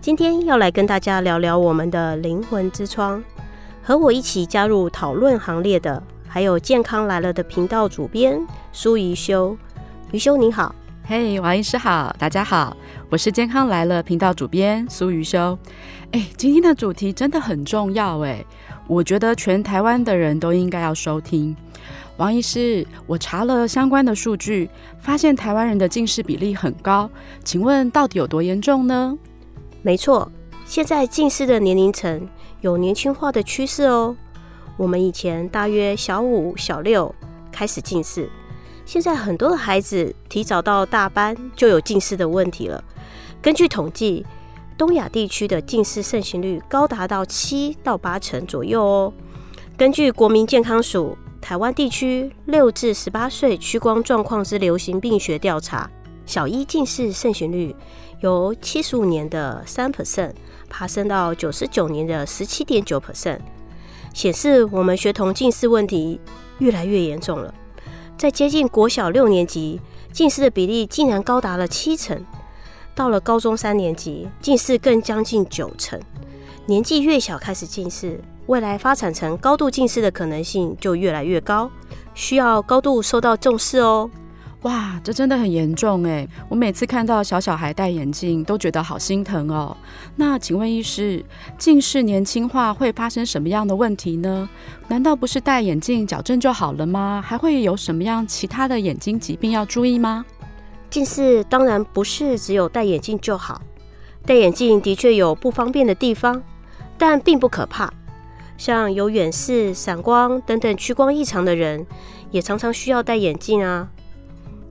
今天要來跟大家聊聊我們的靈魂之窗。和我一起加入討論行列的，還有健康來了的頻道主編蘇瑜修。瑜修，你好。嘿，hey, 王醫師好，大家好，我是健康來了頻道主編蘇瑜修。哎、欸，今天的主題真的很重要。哎、欸，我覺得全台灣的人都應該要收聽。王醫師，我查了相關的數據，發現台灣人的近視比例很高，請問到底有多嚴重呢？沒錯，現在近視的年齡層有年輕化的趨勢哦。我們以前大約小五、小六開始近視，現在很多的孩子提早到大班就有近視的問題了。根據統計，東亞地區的近視盛行率高達到七到八成左右哦、喔。根據國民健康署台灣地區六至十八歲屈光狀況之流行病學調查，小一近視盛行率。由七十五年的三 percent 爬升到九十九年的十七點九 percent，顯示我們學童近視問題越來越嚴重了。在接近國小六年級，近視的比例竟然高達了七成；到了高中三年級，近視更將近九成。年紀越小開始近視，未來發展成高度近視的可能性就越來越高，需要高度受到重視哦。哇，這真的很嚴重哎！我每次看到小小孩戴眼鏡都覺得好心疼哦、喔。那請問醫師，近視年輕化會發生什麼樣的問題呢？難道不是戴眼鏡矯正就好了嗎？還會有什麼樣其他的眼睛疾病要注意嗎？近視當然不是只有戴眼鏡就好，戴眼鏡的確有不方便的地方，但並不可怕。像有遠視、散光等等屈光異常的人，也常常需要戴眼鏡啊。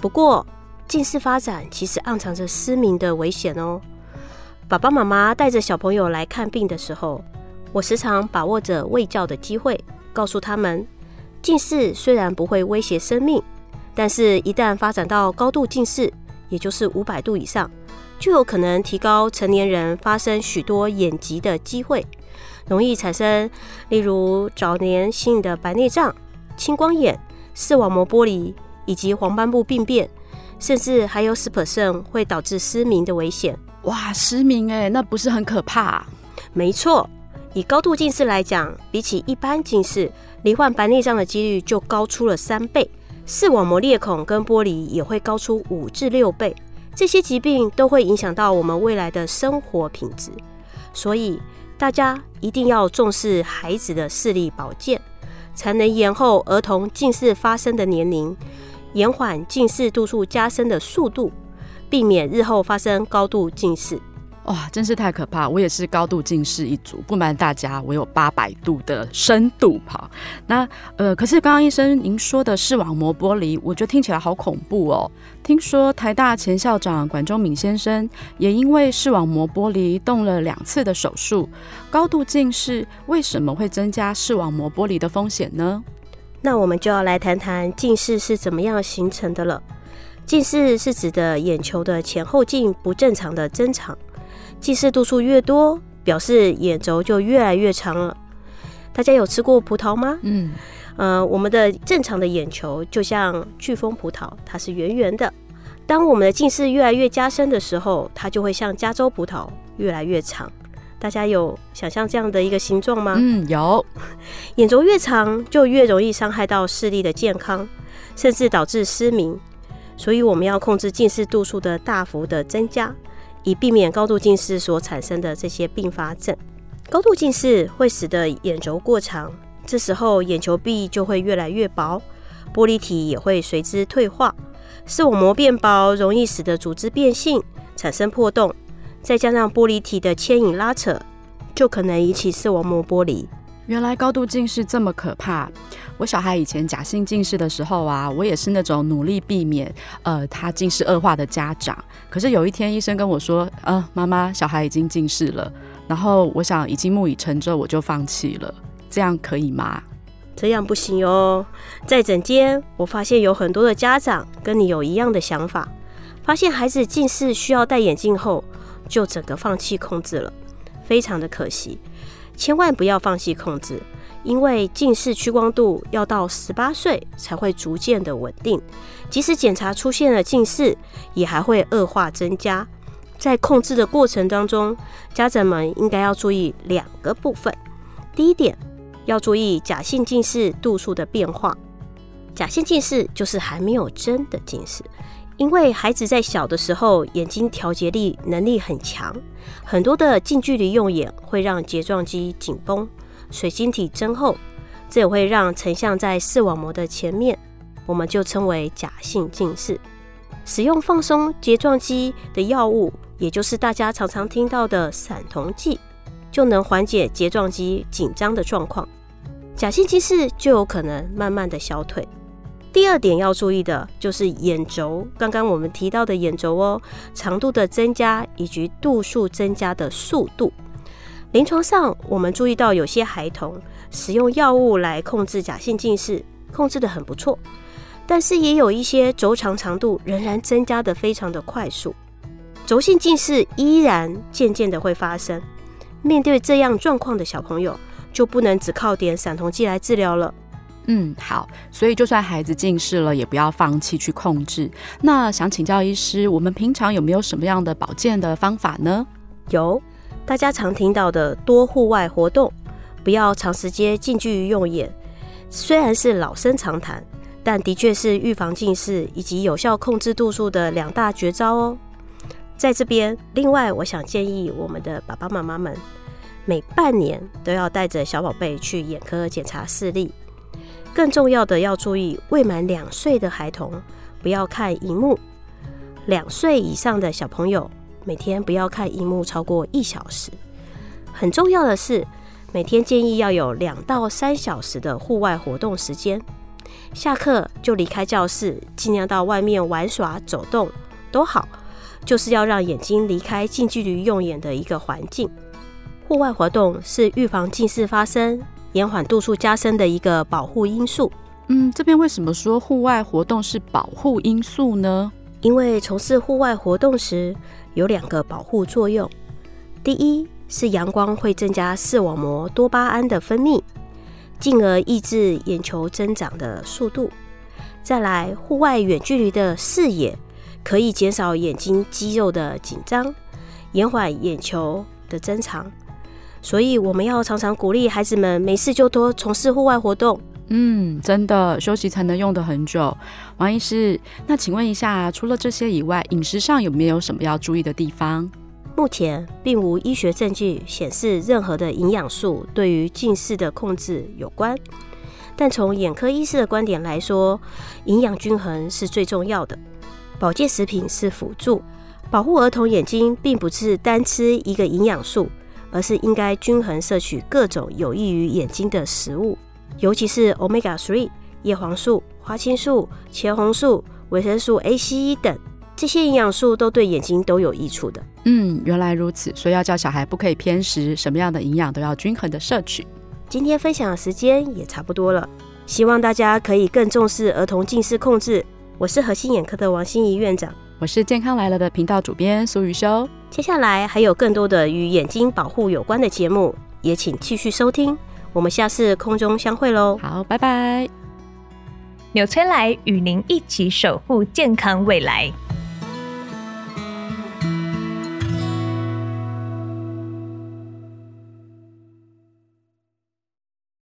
不過，近視發展其實暗藏着失明的危險哦。爸爸媽媽帶着小朋友來看病的時候，我時常把握着衛教的機會，告訴他們：近視雖然不會威脅生命，但是一旦發展到高度近視，也就是五百度以上，就有可能提高成年人發生許多眼疾的機會，容易產生例如早年性的白內障、青光眼、視網膜剝離。以及黃斑部病變，甚至還有10%會導致失明的危險。哇，失明哎，那不是很可怕啊？沒錯，以高度近視來講，比起一般近視，罹患白內障的幾率就高出了三倍，視網膜裂孔跟玻璃也會高出五至六倍。這些疾病都會影響到我們未來的生活品質，所以大家一定要重視孩子的視力保健，才能延後兒童近視發生的年齡，延緩近視度數加深的速度，避免日後發生高度近視。哇、哦，真是太可怕！我也是高度近視一族，不瞞大家，我有八百度的深度哈。那呃，可是剛剛醫生您說的視網膜剝離，我覺得聽起來好恐怖哦。聽說台大前校長管中閔先生也因為視網膜剝離動了兩次的手術。高度近視為什麼會增加視網膜剝離的風險呢？那我們就要來談談近視是怎麼樣形成的了。近視是指的眼球的前後徑不正常的增長，近視度數越多，表示眼軸就越來越長了。大家有吃過葡萄嗎？嗯，呃，我們的正常的眼球就像巨峰葡萄，它是圓圓的。當我們的近視越來越加深的時候，它就會像加州葡萄越來越長。大家有想象這樣的一個形狀嗎？嗯，有。 眼軸越長，就越容易傷害到視力的健康，甚至導致失明。所以我們要控制近視度數的大幅的增加，以避免高度近視所產生的這些併發症。高度近視會使得眼軸過長，這時候眼球壁就會越來越薄，玻璃體也會隨之退化，視網膜變薄，容易使得組織變性，產生破洞。再加上玻璃體的牽引拉扯，就可能引起視網膜剝離。原來高度近視這麼可怕！我小孩以前假性近視的時候啊，我也是那種努力避免呃他近視惡化的家長。可是有一天醫生跟我說：“呃，媽媽，小孩已經近視了。”然後我想已經木已成舟，我就放棄了。這樣可以嗎？這樣不行喲。在診間，我發現有很多的家長跟你有一樣的想法，發現孩子近視需要戴眼鏡後。就整個放棄控制了，非常的可惜。千萬不要放棄控制，因為近視屈光度要到十八歲才會逐漸的穩定。即使檢查出現了近視，也還會惡化增加。在控制的過程當中，家長們應該要注意兩個部分。第一點，要注意假性近視度數的變化。假性近視就是還沒有真的近視。因為孩子在小的時候，眼睛調節力能力很強，很多的近距離用眼會讓睫狀肌緊繃，水晶體增厚，這也會讓成像在視網膜的前面，我們就稱為假性近視。使用放鬆睫狀肌的藥物，也就是大家常常聽到的散瞳劑，就能緩解睫狀肌緊張的狀況。假性近視就有可能慢慢的消退。第二點要注意的就是眼軸，剛剛我們提到的眼軸哦，長度的增加以及度數增加的速度。臨床上，我們注意到有些孩童使用藥物來控制假性近視，控制得很不錯，但是也有一些軸長長度仍然增加得非常的快速，軸性近視依然漸漸的會發生。面對這樣狀況的小朋友，就不能只靠點散瞳劑來治療了。嗯，好。所以就算孩子近視了，也不要放棄去控制。那想請教醫師，我們平常有沒有什麼樣的保健的方法呢？有，大家常聽到的多戶外活動，不要長時間近距離用眼。雖然是老生常談，但的確是預防近視以及有效控制度數的兩大絕招哦。在這邊，另外我想建議我們的爸爸媽媽們，每半年都要帶着小寶貝去眼科檢查視力。更重要的要注意，未滿兩歲的孩童不要看熒幕；兩歲以上的小朋友每天不要看熒幕超過一小時。很重要的是，每天建議要有兩到三小時的戶外活動時間。下課就離開教室，儘量到外面玩耍、走動都好，就是要讓眼睛離開近距離用眼的一個環境。戶外活動是預防近視發生，延緩度數加深的一個保護因素。嗯，這邊為什麼說戶外活動是保護因素呢？因為從事戶外活動時，有兩個保護作用。第一，是陽光會增加視網膜多巴胺的分泌，進而抑制眼球增長的速度。再來，戶外遠距離的視野，可以減少眼睛肌肉的緊張，延緩眼球的增長。所以我們要常常鼓勵孩子們沒事就多從事戶外活動。嗯，真的，休息才能用得很久。王醫師，那請問一下，除了這些以外，飲食上有沒有什麼要注意的地方？目前並無醫學證據顯示任何的營養素對於近視的控制有關，但從眼科醫師的觀點來說，營養均衡是最重要的。保健食品是輔助，保護兒童眼睛並不是單吃一個營養素。而是應該均衡攝取各種有益於眼睛的食物，尤其是 Omega 3、葉黃素、花青素、茄紅素、維生素 A、C、E 等，這些營養素都對眼睛都有益處的。嗯，原來如此，所以要教小孩不可以偏食，什麼樣的營養都要均衡的攝取。今天分享的時間也差不多了，希望大家可以更重視兒童近視控制。我是禾馨眼科的王馨儀院長，我是健康來了的頻道主編蘇雨修。接下來還有更多的與眼睛保護有關的節目，也請繼續收聽。我們下次空中相會嘍。好，拜拜。紐崔萊與您一起守護健康未來。